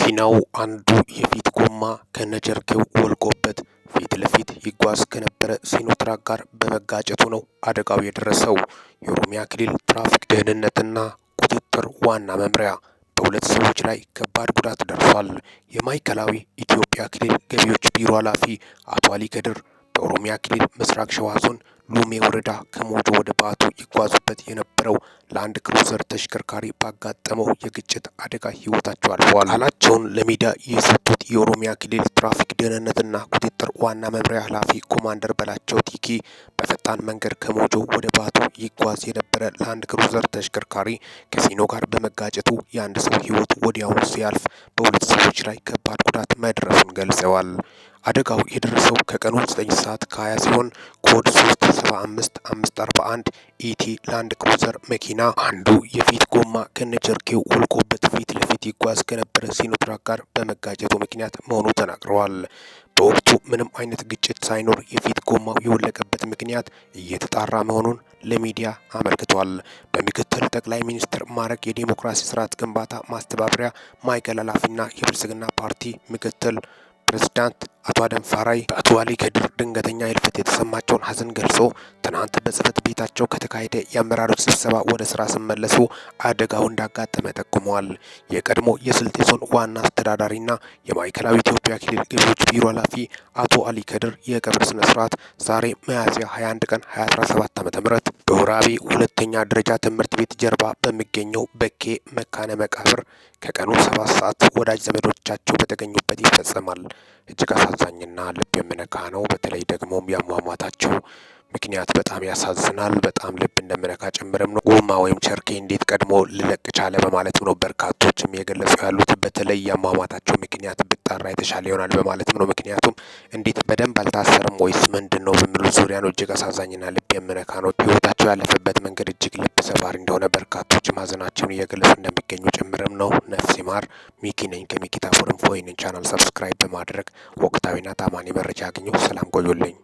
መኪናው አንዱ የፊት ጎማ ከነጀርኬው ወልቆበት ፊት ለፊት ይጓዝ ከነበረ ሲኖትራክ ጋር በመጋጨቱ ነው አደጋው የደረሰው። የኦሮሚያ ክልል ትራፊክ ደህንነትና ቁጥጥር ዋና መምሪያ በሁለት ሰዎች ላይ ከባድ ጉዳት ደርሷል። የማዕከላዊ ኢትዮጵያ ክልል ገቢዎች ቢሮ ኃላፊ አቶ አሊ ከድር በኦሮሚያ ክልል ምስራቅ ሸዋ ዞን ሉሜ ወረዳ ከሞጆ ወደ ባቱ ይጓዙበት የነበረው ለአንድ ክሩዘር ተሽከርካሪ ባጋጠመው የግጭት አደጋ ህይወታቸው አልፈዋል። ቃላቸውን ለሚዲያ የሰጡት የኦሮሚያ ክልል ትራፊክ ደህንነትና ቁጥጥር ዋና መምሪያ ኃላፊ ኮማንደር በላቸው ቲኪ በፈጣን መንገድ ከሞጆ ወደ ባቱ ይጓዝ የነበረ ላንድ ክሩዘር ተሽከርካሪ ከሲኖ ጋር በመጋጨቱ የአንድ ሰው ሕይወት ወዲያውኑ ሲያልፍ በሁለት ሰዎች ላይ ከባድ ጉዳት መድረሱን ገልጸዋል። አደጋው የደረሰው ከቀኑ 9 ሰዓት ከ20 ሲሆን ኮድ ኮ375541 541 ኢቲ ላንድ ክሩዘር መኪና አንዱ የፊት ጎማ ከነጀርኬው ወልቆበት ፊት ለፊት ይጓዝ ከነበረ ሲኖትራክ ጋር በመጋጨቱ ምክንያት መሆኑ ተናግረዋል። በወቅቱ ምንም አይነት ግጭት ሳይኖር የፊት ጎማው የወለቀበት ምክንያት እየተጣራ መሆኑን ለሚዲያ አመልክቷል። በምክትል ጠቅላይ ሚኒስትር ማዕረግ የዲሞክራሲ ስርዓት ግንባታ ማስተባበሪያ ማዕከል ኃላፊና የብልጽግና ፓርቲ ምክትል ፕሬዝዳንት አቶ አደም ፋራይ በአቶ አሊ ከድር ድንገተኛ ህልፈት የተሰማቸውን ሀዘን ገልጾ ትናንት በጽህፈት ቤታቸው ከተካሄደ የአመራሮች ስብሰባ ወደ ስራ ሲመለሱ አደጋው እንዳጋጠመ ጠቁመዋል። የቀድሞ የስልጤ ዞን ዋና አስተዳዳሪና የማዕከላዊ ኢትዮጵያ ክልል ገቢዎች ቢሮ ኃላፊ አቶ አሊ ከድር የቀብር ስነ ስርዓት ዛሬ ሚያዝያ 21 ቀን 2017 ዓ.ም በወራቤ ሁለተኛ ደረጃ ትምህርት ቤት ጀርባ በሚገኘው በኬ መካነ መቃብር ከቀኑ ሰባት ሰዓት ወዳጅ ዘመዶቻቸው በተገኙበት ይፈጸማል። እጅግ አሳዛኝና ልብ የሚነካ ነው። በተለይ ደግሞም ያሟሟታቸው ምክንያት በጣም ያሳዝናል። በጣም ልብ እንደምነካ ጭምርም ነው። ጎማ ወይም ቸርኬ እንዴት ቀድሞ ልለቅ ቻለ? በማለትም ነው በርካቶችም የገለጹ ያሉት። በተለይ የአሟሟታቸው ምክንያት ብጣራ የተሻለ ይሆናል በማለትም ነው። ምክንያቱም እንዴት በደንብ አልታሰርም ወይስ ምንድን ነው በሚሉ ዙሪያ ነው። እጅግ አሳዛኝና ልብ የምነካ ነው። ህይወታቸው ያለፈበት መንገድ እጅግ ልብ ሰባሪ እንደሆነ በርካቶች ሀዘናቸውን እየገለጹ እንደሚገኙ ጭምርም ነው። ነፍሲ ማር ሚኪ ነኝ ከሚኪታ ፎይንን ቻናል ሰብስክራይብ በማድረግ ወቅታዊና ታማኒ መረጃ ያገኘው። ሰላም ቆዩልኝ።